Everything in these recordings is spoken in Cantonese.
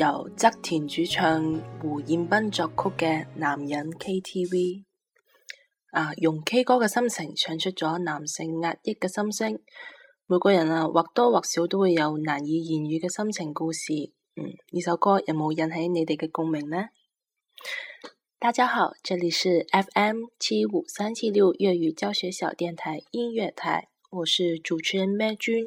由側田主唱、胡彥斌作曲嘅《男人 KTV》，啊，用 K 歌嘅心情唱出咗男性壓抑嘅心聲。每個人啊，或多或少都會有難以言語嘅心情故事。嗯，呢首歌有冇引起你哋嘅共鳴呢？大家好，這裡是 FM 七五三七六粵語教學小電台音樂台，我是主持人咩君。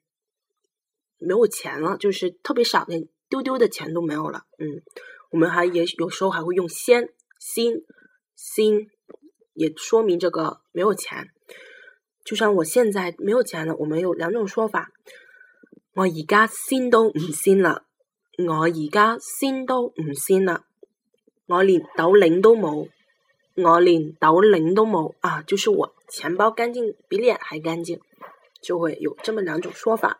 沒有錢了，就是特別少的丟丟的錢都沒有了。嗯，我們還也有時候還會用“先”“先新”，也說明這個沒有錢。就像我現在沒有錢了，我們有兩種說法：我而家先都唔先啦，我而家先都唔先啦，我連斗零都冇，我連斗零都冇啊！就是我錢包乾淨比臉還乾淨，就會有這麼兩種說法。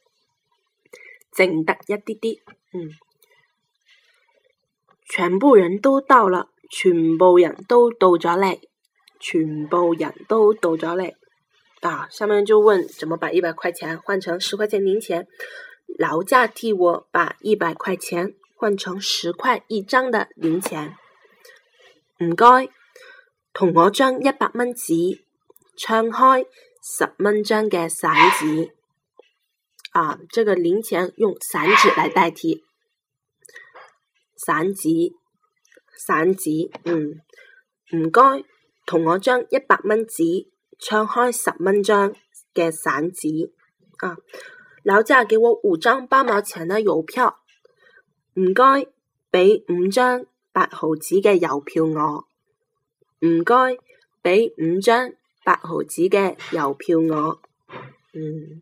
淨得一啲啲，嗯，全部人都到啦，全部人都到咗嚟，全部人都到咗嚟，啊，下面就問，怎麼把一百塊錢換成十塊錢零錢？勞駕，替我把一百塊錢換成十塊一張的零錢。唔該，同我將一百蚊紙唱開十蚊張嘅散紙。啊，這個零錢用散紙來代替，散紙，散紙，嗯，唔該，同我將一百蚊紙唱開十蚊張嘅散紙，啊，勞駕，給我五張八毛錢的郵票，唔該，俾五張八毫紙嘅郵票我，唔該，俾五張八毫紙嘅郵票我，嗯。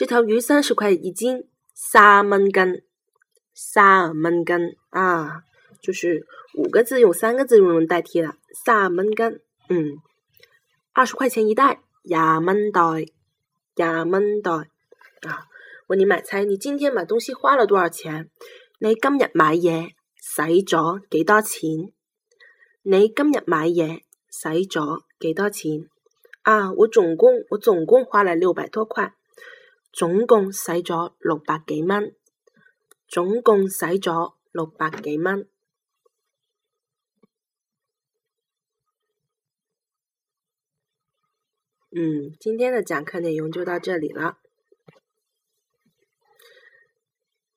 這條魚三十塊一斤，三蚊斤，三蚊斤啊！就是五個字用三個字就能代替了，三蚊斤，嗯，二十塊錢一袋，廿蚊袋，廿蚊袋啊！問你買菜，你今天買東西花了多少錢？你今日買嘢使咗幾多錢？你今日買嘢使咗幾多錢？啊，我總共我總共花了六百多塊。總共使咗六百幾蚊，總共使咗六百幾蚊。嗯，今天的講課內容就到這裏了。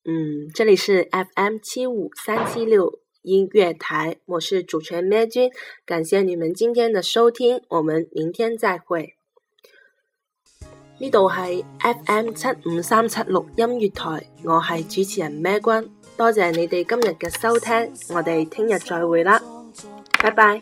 嗯，這裏是 FM 七五三七六音樂台，我是主持人咩君，感謝你們今天的收聽，我們明天再會。呢度係 FM 七五三七六音樂台，我係主持人咩君，多謝你哋今日嘅收聽，我哋聽日再會啦，拜拜。